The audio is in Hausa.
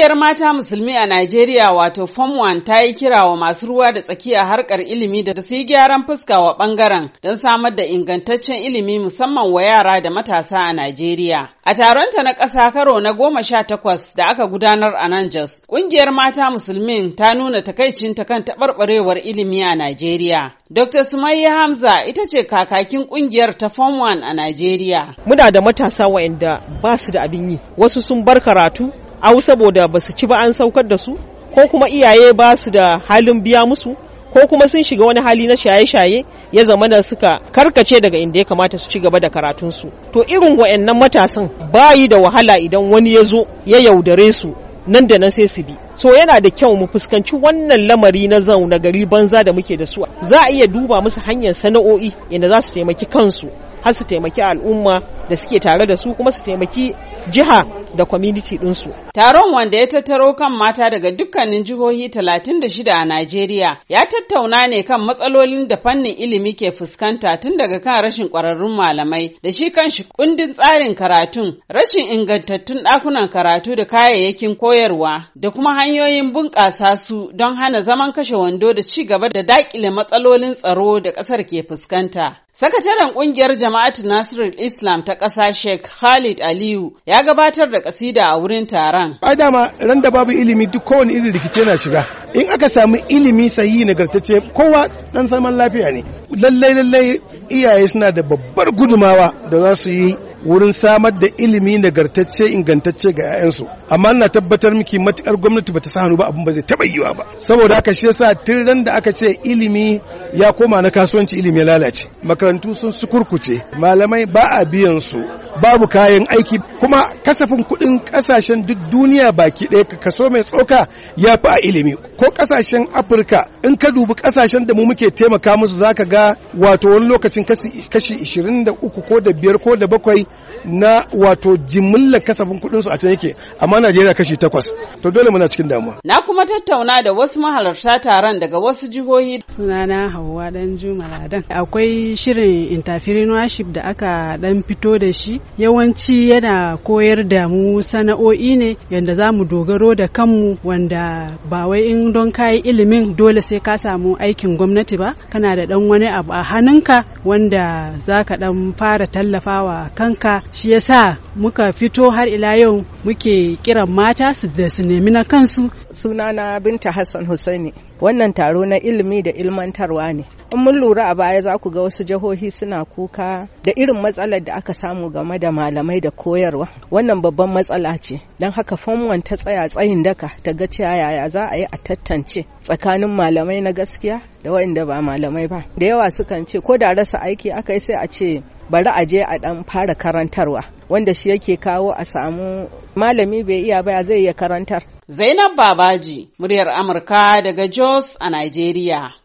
Ƙungiyar mata musulmi a Najeriya wato Form 1 ta yi kira wa masu ruwa da tsakiya harkar ilimi da su yi gyaran fuska wa ɓangaren don samar da ingantaccen ilimi musamman wa yara da matasa a Najeriya. A taronta na ƙasa karo na goma sha takwas da aka gudanar a nan Jos, ƙungiyar mata musulmin ta nuna takaicinta kan taɓarɓarewar ilimi a Najeriya. Dr. Sumayya Hamza ita ce kakakin ƙungiyar ta Form 1 a Najeriya. Muna da matasa wa'inda ba su da abin yi, wasu sun bar karatu, au saboda ba su ci ba an saukar da su ko kuma iyaye ba su da halin biya musu ko kuma sun shiga wani hali na shaye-shaye ya zama da suka karkace daga inda ya kamata su ci gaba da karatunsu to irin wa'annan matasan bayi da wahala idan wani ya zo ya yaudare su nan da nan sai su bi so yana da kyau mu fuskanci wannan lamari na zauna gari banza da muke da su za a iya duba musu hanyar sana'o'i inda za su taimaki kansu har su taimaki al'umma da suke tare da su kuma su taimaki jiha da kwamiti ɗinsu. Taron wanda ya tattaro kan mata daga dukkanin jihohi 36 a Najeriya ya tattauna ne kan matsalolin da fannin ilimi ke fuskanta tun daga kan rashin ƙwararrun malamai da shi kanshi kundin tsarin karatun, rashin ingantattun ɗakunan karatu da kayayyakin koyarwa da kuma hanyoyin bunƙasa su don hana zaman kashe wando da ci gaba da daƙile matsalolin tsaro da ƙasar ke fuskanta. Sakataren kungiyar jama'atu Nasiru Islam ta ƙasa Sheikh Khalid Aliyu ya gabatar da kasida a wurin taron. Ai dama ran da babu ilimi duk kowane irin rikice na shiga. In aka samu ilimi na nagartacce kowa dan zaman lafiya ne. Lallai lallai iyaye suna da babbar gudumawa da za su yi wurin samar da ilimi nagartacce ingantacce ga 'ya'yansu amma na tabbatar miki matukar gwamnati bata sa hannu ba abin ba zai taba yiwa ba saboda haka shi yasa tun da aka ce ilimi ya koma na kasuwanci ilimi ya lalace makarantu sun sukurkuce malamai ba a biyan su babu kayan aiki kuma kasafin kuɗin ƙasashen duk duniya baki ɗaya kaso mai tsoka ya fi a ilimi ko ƙasashen afirka in ka dubi ƙasashen da mu muke taimaka musu za ka ga wato wani lokacin kashi 23 ko da biyar ko da bakwai na wato jimillar kasafin kuɗinsu a can yake amma najeriya kashi takwas to dole muna cikin damuwa na kuma tattauna da wasu mahalarta taron daga wasu jihohi sunana hauwa dan akwai shirin worship da aka dan fito da shi yawanci yana koyar da mu sana'o'i ne yadda za mu dogaro da kanmu wanda ba wai in don kayi ilimin dole sai ka samu aikin gwamnati ba kana da dan wani abu a hannunka wanda za ka dan fara tallafawa kanka shi yasa muka fito har ila yau muke kiran mata su da su nemi na kansu sunana binta hassan husaini wannan taro na ilimi da ilmantarwa ne in mun lura a baya za ku ga wasu jihohi suna kuka da irin matsalar da aka samu game da malamai da koyarwa wannan babban matsala ce don haka famwan ta tsaya tsayin daka ta ga yaya za a yi a tattance tsakanin malamai na gaskiya da waɗanda ba malamai ba da yawa sukan ce ko da rasa aiki aka yi sai a ce bari a je a dan fara karantarwa wanda shi yake kawo a samu malami bai iya ba zai iya karantar. Zainab Babaji, muryar Amurka daga Jos a Najeriya.